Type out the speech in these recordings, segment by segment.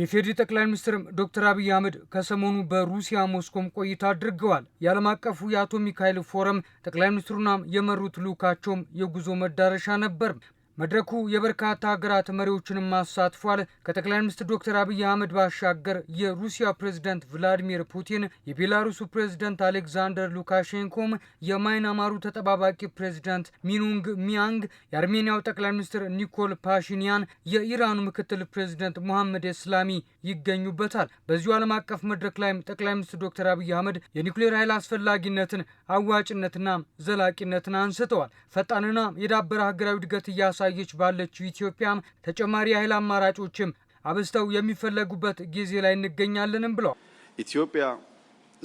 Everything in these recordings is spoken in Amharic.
የፌዴሪ ጠቅላይ ሚኒስትርም ዶክተር አብይ አህመድ ከሰሞኑ በሩሲያ ሞስኮም ቆይታ አድርገዋል። የዓለም አቀፉ የአቶ ሚካኤል ፎረም ጠቅላይ ሚኒስትሩና የመሩት ልዑካቸውም የጉዞ መዳረሻ ነበር። መድረኩ የበርካታ ሀገራት መሪዎችንም አሳትፏል። ከጠቅላይ ሚኒስትር ዶክተር አብይ አህመድ ባሻገር የሩሲያ ፕሬዝደንት ቭላዲሚር ፑቲን፣ የቤላሩሱ ፕሬዝደንት አሌክዛንደር ሉካሼንኮም፣ የማይናማሩ ተጠባባቂ ፕሬዝደንት ሚኑንግ ሚያንግ፣ የአርሜኒያው ጠቅላይ ሚኒስትር ኒኮል ፓሽኒያን፣ የኢራኑ ምክትል ፕሬዝደንት ሙሐመድ እስላሚ ይገኙበታል። በዚሁ ዓለም አቀፍ መድረክ ላይም ጠቅላይ ሚኒስትር ዶክተር አብይ አህመድ የኒኩሌር ኃይል አስፈላጊነትን፣ አዋጭነትና ዘላቂነትን አንስተዋል። ፈጣንና የዳበረ ሀገራዊ እድገት እያሳ እያሳየች ባለችው ኢትዮጵያ ተጨማሪ የኃይል አማራጮችም አብዝተው የሚፈለጉበት ጊዜ ላይ እንገኛለንም ብለዋል። ኢትዮጵያ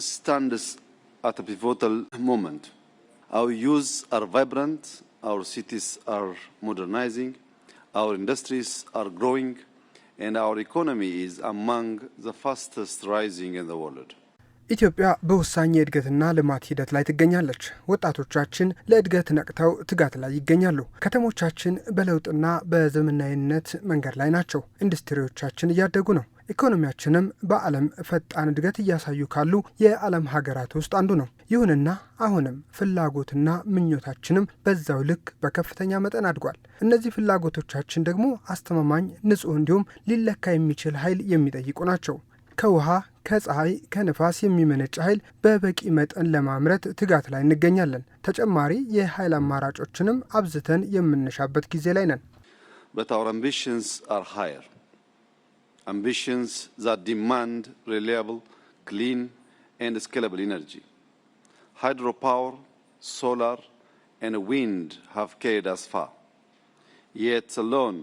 ስታንድስ አት ፒቮታል ሞመንት አወር ዩዝ አር ቫይብራንት አወር ሲቲስ አር ሞደርናይዚንግ አወር ኢንዱስትሪስ አር ግሮዊንግ ኤንድ አወር ኢኮኖሚ ኢዝ አማንግ ዘ ፋስተስት ራይዚንግ ኢን ዘ ወርልድ ኢትዮጵያ በወሳኝ የእድገትና ልማት ሂደት ላይ ትገኛለች። ወጣቶቻችን ለእድገት ነቅተው ትጋት ላይ ይገኛሉ። ከተሞቻችን በለውጥና በዘመናዊነት መንገድ ላይ ናቸው። ኢንዱስትሪዎቻችን እያደጉ ነው። ኢኮኖሚያችንም በዓለም ፈጣን እድገት እያሳዩ ካሉ የዓለም ሀገራት ውስጥ አንዱ ነው። ይሁንና አሁንም ፍላጎትና ምኞታችንም በዛው ልክ በከፍተኛ መጠን አድጓል። እነዚህ ፍላጎቶቻችን ደግሞ አስተማማኝ፣ ንጹህ እንዲሁም ሊለካ የሚችል ኃይል የሚጠይቁ ናቸው። ከውሃ ከፀሐይ ከንፋስ የሚመነጭ ኃይል በበቂ መጠን ለማምረት ትጋት ላይ እንገኛለን። ተጨማሪ የኃይል አማራጮችንም አብዝተን የምንሻበት ጊዜ ላይ ነን። ሃይድሮፓወር ሶላር and wind have carried us far. Yet alone,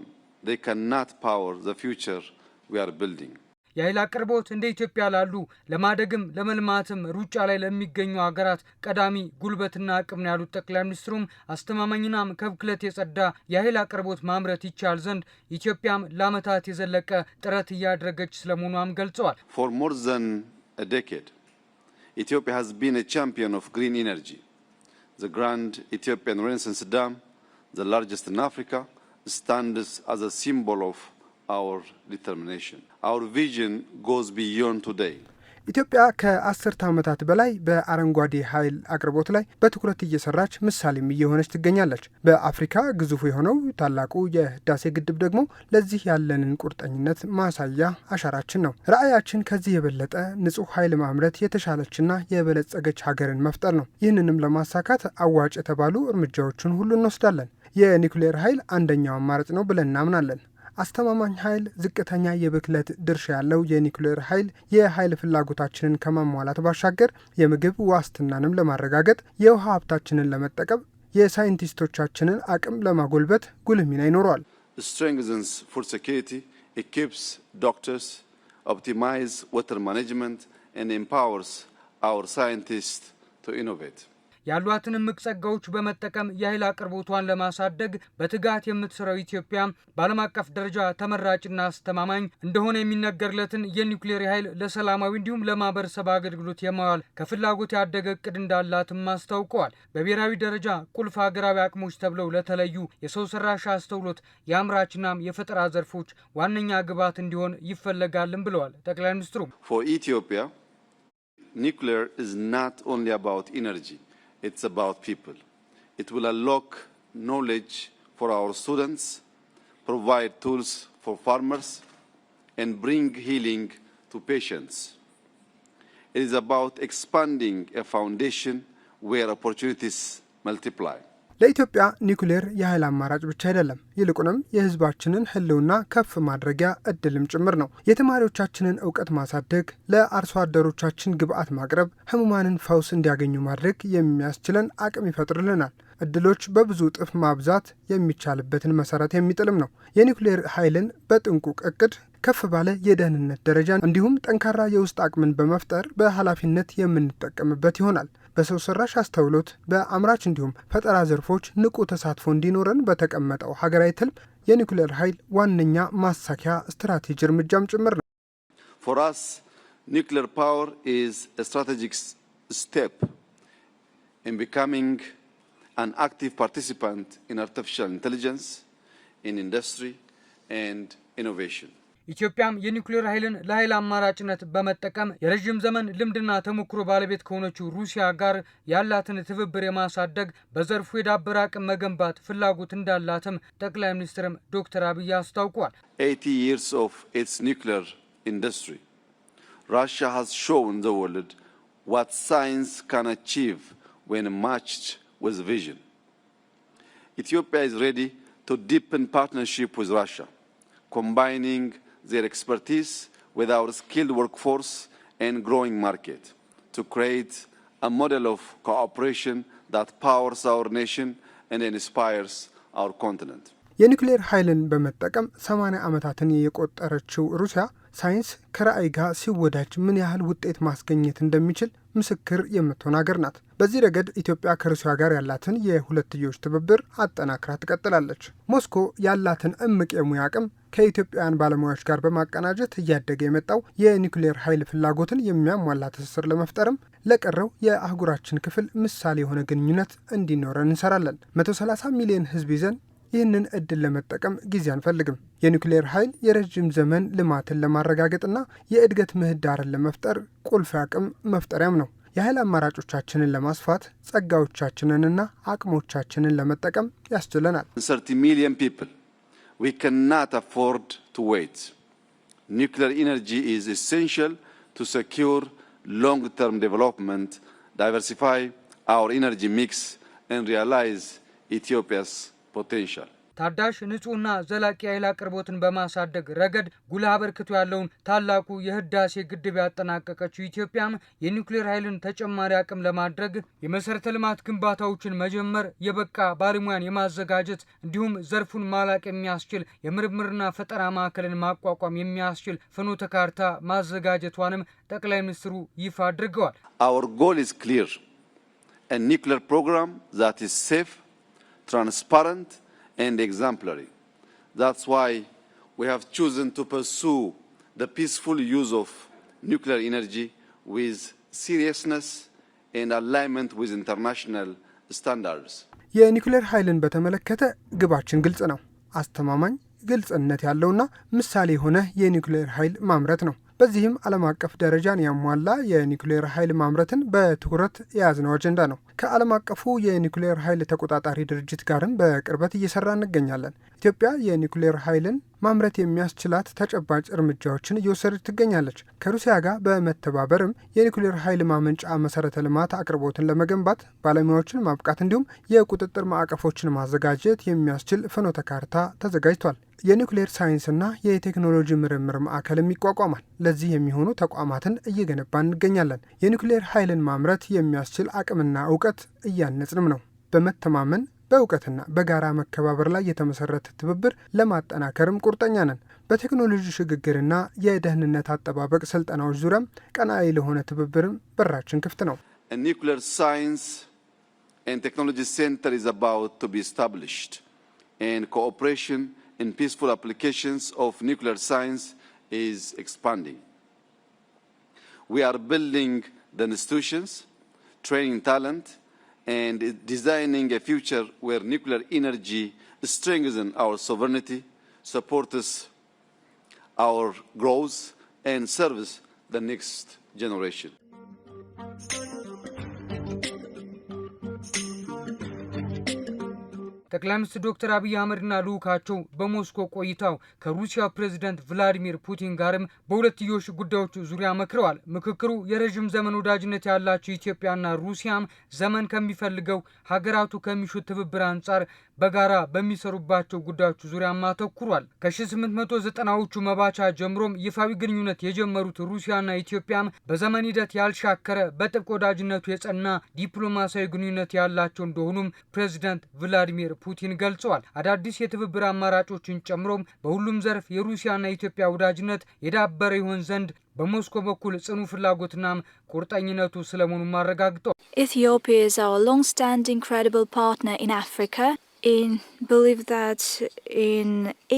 they cannot power the future we are building. የኃይል አቅርቦት እንደ ኢትዮጵያ ላሉ ለማደግም ለመልማትም ሩጫ ላይ ለሚገኙ ሀገራት ቀዳሚ ጉልበትና አቅም ነው ያሉት ጠቅላይ ሚኒስትሩም አስተማማኝናም ከብክለት የጸዳ የኃይል አቅርቦት ማምረት ይቻል ዘንድ ኢትዮጵያም ለዓመታት የዘለቀ ጥረት እያደረገች ስለመሆኗም ገልጸዋል። ፎር ሞር ዘን አ ዴኬድ ኢትዮጵያ ሃዝ ቢን አ ቻምፒየን ኦፍ ግሪን ኢነርጂ ዘ ግራንድ ኢትዮጵያን ሬኔሳንስ ዳም ዘ ላርጀስት ኢን አፍሪካ ስታንድስ አዝ አ ሲምቦል ኦፍ our determination. Our vision goes beyond today. ኢትዮጵያ ከአስርተ ዓመታት በላይ በአረንጓዴ ኃይል አቅርቦት ላይ በትኩረት እየሰራች ምሳሌም እየሆነች ትገኛለች። በአፍሪካ ግዙፉ የሆነው ታላቁ የህዳሴ ግድብ ደግሞ ለዚህ ያለንን ቁርጠኝነት ማሳያ አሻራችን ነው። ራዕያችን ከዚህ የበለጠ ንጹህ ኃይል ማምረት የተሻለችና የበለጸገች ሀገርን መፍጠር ነው። ይህንንም ለማሳካት አዋጭ የተባሉ እርምጃዎችን ሁሉ እንወስዳለን። የኒውክሌር ኃይል አንደኛው አማራጭ ነው ብለን እናምናለን። አስተማማኝ ኃይል፣ ዝቅተኛ የብክለት ድርሻ ያለው የኒውክሌር ኃይል የኃይል ፍላጎታችንን ከማሟላት ባሻገር የምግብ ዋስትናንም ለማረጋገጥ የውሃ ሀብታችንን ለመጠቀም የሳይንቲስቶቻችንን አቅም ለማጎልበት ጉልህ ሚና ይኖረዋል። ዶክተርስ ያሏትን እምቅ ጸጋዎች በመጠቀም የኃይል አቅርቦቷን ለማሳደግ በትጋት የምትሰራው ኢትዮጵያ በዓለም አቀፍ ደረጃ ተመራጭና አስተማማኝ እንደሆነ የሚነገርለትን የኒውክሌር ኃይል ለሰላማዊ እንዲሁም ለማህበረሰብ አገልግሎት የማዋል ከፍላጎት ያደገ እቅድ እንዳላትም አስታውቀዋል። በብሔራዊ ደረጃ ቁልፍ ሀገራዊ አቅሞች ተብለው ለተለዩ የሰው ሰራሽ አስተውሎት የአምራችና የፈጠራ ዘርፎች ዋነኛ ግብዓት እንዲሆን ይፈለጋልን ብለዋል ጠቅላይ ሚኒስትሩ ኢትዮጵያ ኒውክሌር ኢዝ ናት ኦንሊ አባውት ኢነርጂ it's about people. It will unlock knowledge for our students, provide tools for farmers, and bring healing to patients. It is about expanding a foundation where opportunities multiply. ለኢትዮጵያ ኒውክሌር የኃይል አማራጭ ብቻ አይደለም፣ ይልቁንም የህዝባችንን ህልውና ከፍ ማድረጊያ እድልም ጭምር ነው። የተማሪዎቻችንን እውቀት ማሳደግ፣ ለአርሶ አደሮቻችን ግብዓት ማቅረብ፣ ህሙማንን ፈውስ እንዲያገኙ ማድረግ የሚያስችለን አቅም ይፈጥርልናል። እድሎች በብዙ እጥፍ ማብዛት የሚቻልበትን መሰረት የሚጥልም ነው። የኒውክሌር ኃይልን በጥንቁቅ እቅድ ከፍ ባለ የደህንነት ደረጃ እንዲሁም ጠንካራ የውስጥ አቅምን በመፍጠር በኃላፊነት የምንጠቀምበት ይሆናል። በሰው ሰራሽ አስተውሎት በአምራች እንዲሁም ፈጠራ ዘርፎች ንቁ ተሳትፎ እንዲኖረን በተቀመጠው ሀገራዊ ትልም የኒኩሌር ኃይል ዋነኛ ማሳኪያ ስትራቴጂ እርምጃም ጭምር ነው። ፎር አስ ፓወር ኢዝ ስትራቴጂክ ስቴፕ ኢን አን አክቲቭ ፓርቲሲፓንት ኢን አርቲፊሻል ኢንቴሊጀንስ ኢን ኢንዱስትሪ ኤንድ ኢኖቬሽን ኢትዮጵያም የኒውክሌር ኃይልን ለኃይል አማራጭነት በመጠቀም የረዥም ዘመን ልምድና ተሞክሮ ባለቤት ከሆነችው ሩሲያ ጋር ያላትን ትብብር የማሳደግ በዘርፉ የዳበረ አቅም መገንባት ፍላጎት እንዳላትም ጠቅላይ ሚኒስትርም ዶክተር አብይ አስታውቋል። ኢንዱስትሪ Russia has shown the world what science can achieve when matched with vision. Ethiopia is ready to deepen partnership with Russia, combining their expertise with our skilled workforce and growing market to create a model of cooperation that powers our nation and inspires our continent. የኒውክሌር ኃይልን በመጠቀም 80 ዓመታትን የቆጠረችው ሩሲያ ሳይንስ ከራእይ ጋር ሲወዳጅ ምን ያህል ውጤት ማስገኘት እንደሚችል ምስክር የምትሆን ሀገር ናት። በዚህ ረገድ ኢትዮጵያ ከሩሲያ ጋር ያላትን የሁለትዮሽ ትብብር አጠናክራ ትቀጥላለች። ሞስኮ ያላትን እምቅ የሙያ አቅም ከኢትዮጵያውያን ባለሙያዎች ጋር በማቀናጀት እያደገ የመጣው የኒውክሌር ኃይል ፍላጎትን የሚያሟላ ትስስር ለመፍጠርም ለቀረው የአህጉራችን ክፍል ምሳሌ የሆነ ግንኙነት እንዲኖረን እንሰራለን። 130 ሚሊዮን ህዝብ ይዘን ይህንን እድል ለመጠቀም ጊዜ አንፈልግም። የኒውክሌር ኃይል የረዥም ዘመን ልማትን ለማረጋገጥና የእድገት ምህዳርን ለመፍጠር ቁልፍ አቅም መፍጠሪያም ነው። የኃይል አማራጮቻችንን ለማስፋት ጸጋዎቻችንንና አቅሞቻችንን ለመጠቀም ያስችለናል። We cannot afford to wait. Nuclear energy is essential to secure long-term development, diversify our energy mix, and realize Ethiopia's potential. ታዳሽ ንጹህና ዘላቂ ኃይል አቅርቦትን በማሳደግ ረገድ ጉልህ አበርክቶ ያለውን ታላቁ የህዳሴ ግድብ ያጠናቀቀችው ኢትዮጵያም የኒውክሌር ኃይልን ተጨማሪ አቅም ለማድረግ የመሰረተ ልማት ግንባታዎችን መጀመር፣ የበቃ ባለሙያን የማዘጋጀት እንዲሁም ዘርፉን ማላቅ የሚያስችል የምርምርና ፈጠራ ማዕከልን ማቋቋም የሚያስችል ፍኖተ ካርታ ማዘጋጀቷንም ጠቅላይ ሚኒስትሩ ይፋ አድርገዋል። አወር ጎል is ክሊር A ፕሮግራም ዛት that ሴፍ ትራንስፓረንት and exemplary. That's why we have chosen to pursue the peaceful use of nuclear energy with seriousness and alignment with international standards. የኒውክሌር ኃይልን በተመለከተ ግባችን ግልጽ ነው። አስተማማኝ ግልጽነት ያለውና ምሳሌ የሆነ የኒውክሌር ኃይል ማምረት ነው። በዚህም ዓለም አቀፍ ደረጃን ያሟላ የኒውክሌር ኃይል ማምረትን በትኩረት የያዝነው አጀንዳ ነው። ከዓለም አቀፉ የኒውክሌር ኃይል ተቆጣጣሪ ድርጅት ጋርም በቅርበት እየሰራ እንገኛለን። ኢትዮጵያ የኒውክሌር ኃይልን ማምረት የሚያስችላት ተጨባጭ እርምጃዎችን እየወሰደች ትገኛለች። ከሩሲያ ጋር በመተባበርም የኒውክሌር ኃይል ማመንጫ መሰረተ ልማት አቅርቦትን ለመገንባት ባለሙያዎችን ማብቃት እንዲሁም የቁጥጥር ማዕቀፎችን ማዘጋጀት የሚያስችል ፍኖተ ካርታ ተዘጋጅቷል። የኒውክሌር ሳይንስና የቴክኖሎጂ ምርምር ማዕከልም ይቋቋማል። ለዚህ የሚሆኑ ተቋማትን እየገነባ እንገኛለን። የኒውክሌር ኃይልን ማምረት የሚያስችል አቅምና እውቀት እያነጽንም ነው። በመተማመን በእውቀትና በጋራ መከባበር ላይ የተመሰረተ ትብብር ለማጠናከርም ቁርጠኛ ነን። በቴክኖሎጂ ሽግግርና የደህንነት አጠባበቅ ስልጠናዎች ዙሪያም ቀናዊ ለሆነ ትብብርም በራችን ክፍት ነው። ኒውክሌር ሳይንስ ኤንድ ቴክኖሎጂ ሴንተር ኢዝ አባውት ቱ ቢ ኮኦፕሬሽን in peaceful applications of nuclear science is expanding. We are building the institutions, training talent, and designing a future where nuclear energy strengthens our sovereignty, supports our growth, and serves the next generation. ጠቅላይ ሚኒስትር ዶክተር አብይ አህመድና ልዑካቸው በሞስኮ ቆይታው ከሩሲያ ፕሬዝዳንት ቭላዲሚር ፑቲን ጋርም በሁለትዮሽ ጉዳዮች ዙሪያ መክረዋል። ምክክሩ የረዥም ዘመን ወዳጅነት ያላቸው ኢትዮጵያና ሩሲያም ዘመን ከሚፈልገው ሀገራቱ ከሚሹት ትብብር አንጻር በጋራ በሚሰሩባቸው ጉዳዮች ዙሪያም አተኩሯል። ከ1890ዎቹ መባቻ ጀምሮም ይፋዊ ግንኙነት የጀመሩት ሩሲያና ኢትዮጵያም በዘመን ሂደት ያልሻከረ በጥብቅ ወዳጅነቱ የጸና ዲፕሎማሲያዊ ግንኙነት ያላቸው እንደሆኑም ፕሬዝዳንት ቭላዲሚር ፑቲን ገልጸዋል። አዳዲስ የትብብር አማራጮችን ጨምሮም በሁሉም ዘርፍ የሩሲያና የኢትዮጵያ ወዳጅነት የዳበረ ይሆን ዘንድ በሞስኮ በኩል ጽኑ ፍላጎትና ቁርጠኝነቱ ስለመሆኑ አረጋግጠዋል። ኢትዮጵያ ኢዝ አወር ሎንግ ስታንዲንግ ክሬዲብል ፓርትነር in አፍሪካ ኢን ቢሊቭ that ኢን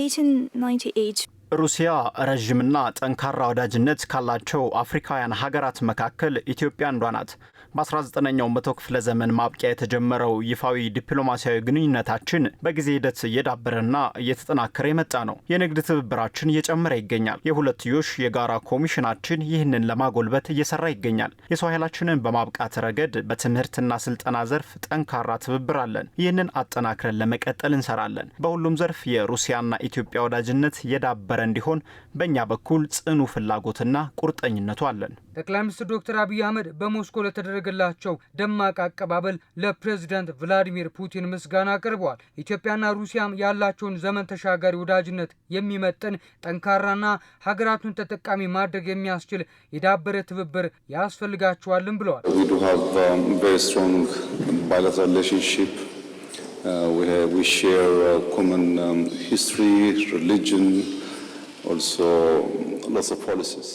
1898 ሩሲያ ረዥምና ጠንካራ ወዳጅነት ካላቸው አፍሪካውያን ሀገራት መካከል ኢትዮጵያ አንዷ ናት። በ19ኛው መቶ ክፍለ ዘመን ማብቂያ የተጀመረው ይፋዊ ዲፕሎማሲያዊ ግንኙነታችን በጊዜ ሂደት እየዳበረና እየተጠናከረ የመጣ ነው። የንግድ ትብብራችን እየጨመረ ይገኛል። የሁለትዮሽ የጋራ ኮሚሽናችን ይህንን ለማጎልበት እየሰራ ይገኛል። የሰው ኃይላችንን በማብቃት ረገድ በትምህርትና ስልጠና ዘርፍ ጠንካራ ትብብር አለን። ይህንን አጠናክረን ለመቀጠል እንሰራለን። በሁሉም ዘርፍ የሩሲያና ኢትዮጵያ ወዳጅነት የዳበረ እንዲሆን በእኛ በኩል ጽኑ ፍላጎትና ቁርጠኝነቱ አለን። ጠቅላይ ሚኒስትር ዶክተር አብይ አህመድ በሞስኮ ለተደረገላቸው ደማቅ አቀባበል ለፕሬዚዳንት ቭላዲሚር ፑቲን ምስጋና አቅርበዋል። ኢትዮጵያና ሩሲያም ያላቸውን ዘመን ተሻጋሪ ወዳጅነት የሚመጥን ጠንካራና ሀገራቱን ተጠቃሚ ማድረግ የሚያስችል የዳበረ ትብብር ያስፈልጋቸዋልም ብለዋል። ሪሊጅን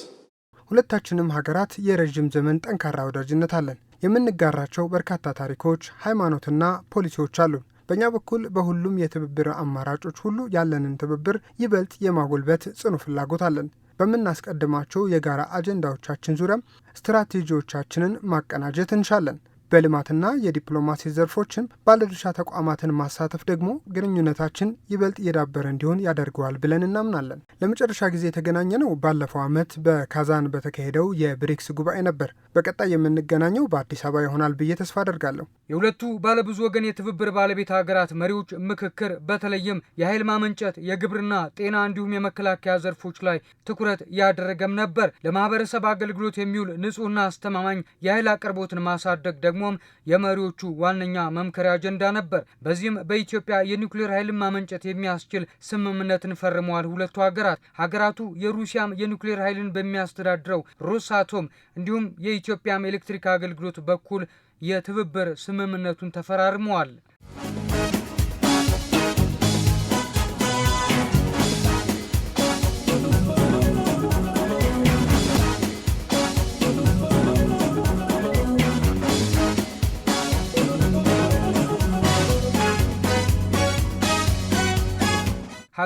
ሁለታችንም ሀገራት የረዥም ዘመን ጠንካራ ወዳጅነት አለን። የምንጋራቸው በርካታ ታሪኮች፣ ሃይማኖትና ፖሊሲዎች አሉን። በእኛ በኩል በሁሉም የትብብር አማራጮች ሁሉ ያለንን ትብብር ይበልጥ የማጎልበት ጽኑ ፍላጎት አለን። በምናስቀድማቸው የጋራ አጀንዳዎቻችን ዙሪያም ስትራቴጂዎቻችንን ማቀናጀት እንሻለን። በልማትና የዲፕሎማሲ ዘርፎችን ባለድርሻ ተቋማትን ማሳተፍ ደግሞ ግንኙነታችን ይበልጥ እየዳበረ እንዲሆን ያደርገዋል ብለን እናምናለን። ለመጨረሻ ጊዜ የተገናኘ ነው ባለፈው ዓመት በካዛን በተካሄደው የብሪክስ ጉባኤ ነበር። በቀጣይ የምንገናኘው በአዲስ አበባ ይሆናል ብዬ ተስፋ አደርጋለሁ። የሁለቱ ባለብዙ ወገን የትብብር ባለቤት ሀገራት መሪዎች ምክክር በተለይም የኃይል ማመንጨት፣ የግብርና፣ ጤና እንዲሁም የመከላከያ ዘርፎች ላይ ትኩረት ያደረገም ነበር። ለማህበረሰብ አገልግሎት የሚውል ንጹህና አስተማማኝ የኃይል አቅርቦትን ማሳደግ ደግሞ ደግሞም የመሪዎቹ ዋነኛ መምከሪያ አጀንዳ ነበር። በዚህም በኢትዮጵያ የኒውክሌር ኃይል ማመንጨት የሚያስችል ስምምነትን ፈርመዋል ሁለቱ ሀገራት። ሀገራቱ የሩሲያም የኒውክሌር ኃይልን በሚያስተዳድረው ሮሳቶም እንዲሁም የኢትዮጵያም ኤሌክትሪክ አገልግሎት በኩል የትብብር ስምምነቱን ተፈራርመዋል።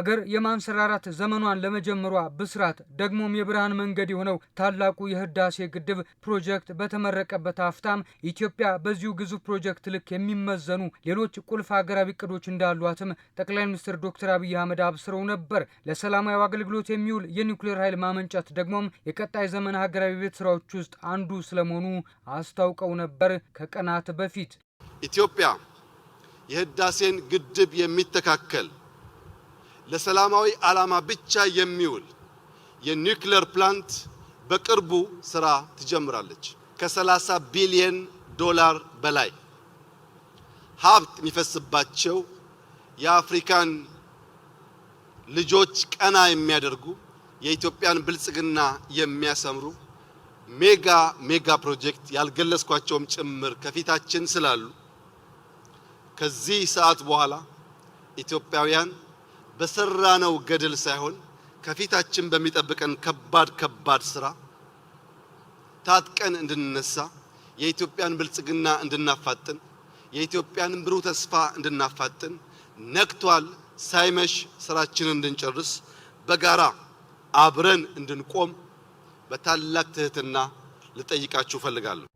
ሀገር የማንሰራራት ዘመኗን ለመጀመሯ ብስራት ደግሞም የብርሃን መንገድ የሆነው ታላቁ የህዳሴ ግድብ ፕሮጀክት በተመረቀበት አፍታም ኢትዮጵያ በዚሁ ግዙፍ ፕሮጀክት ልክ የሚመዘኑ ሌሎች ቁልፍ ሀገራዊ እቅዶች እንዳሏትም ጠቅላይ ሚኒስትር ዶክተር አብይ አህመድ አብስረው ነበር። ለሰላማዊ አገልግሎት የሚውል የኒውክሌር ኃይል ማመንጨት ደግሞም የቀጣይ ዘመን ሀገራዊ ቤት ስራዎች ውስጥ አንዱ ስለመሆኑ አስታውቀው ነበር። ከቀናት በፊት ኢትዮጵያ የህዳሴን ግድብ የሚተካከል ለሰላማዊ ዓላማ ብቻ የሚውል የኒውክሌር ፕላንት በቅርቡ ስራ ትጀምራለች። ከ30 ቢሊየን ዶላር በላይ ሀብት የሚፈስባቸው የአፍሪካን ልጆች ቀና የሚያደርጉ የኢትዮጵያን ብልጽግና የሚያሰምሩ ሜጋ ሜጋ ፕሮጀክት ያልገለጽኳቸውም ጭምር ከፊታችን ስላሉ ከዚህ ሰዓት በኋላ ኢትዮጵያውያን በሰራነው ገድል ሳይሆን ከፊታችን በሚጠብቀን ከባድ ከባድ ስራ ታጥቀን እንድንነሳ የኢትዮጵያን ብልጽግና እንድናፋጥን የኢትዮጵያን ብሩህ ተስፋ እንድናፋጥን ነግቷል ሳይመሽ ስራችንን እንድንጨርስ በጋራ አብረን እንድንቆም በታላቅ ትህትና ልጠይቃችሁ እፈልጋለሁ።